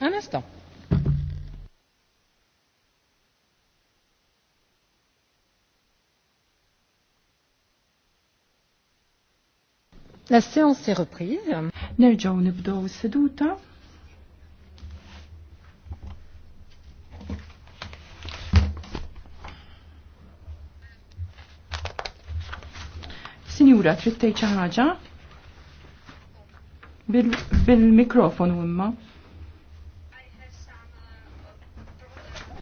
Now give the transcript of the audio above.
Un instant. La séance est reprise. Nerġaw nibdow s-seduta. Sinjura, trid tgħid Bil-mikrofonu imma.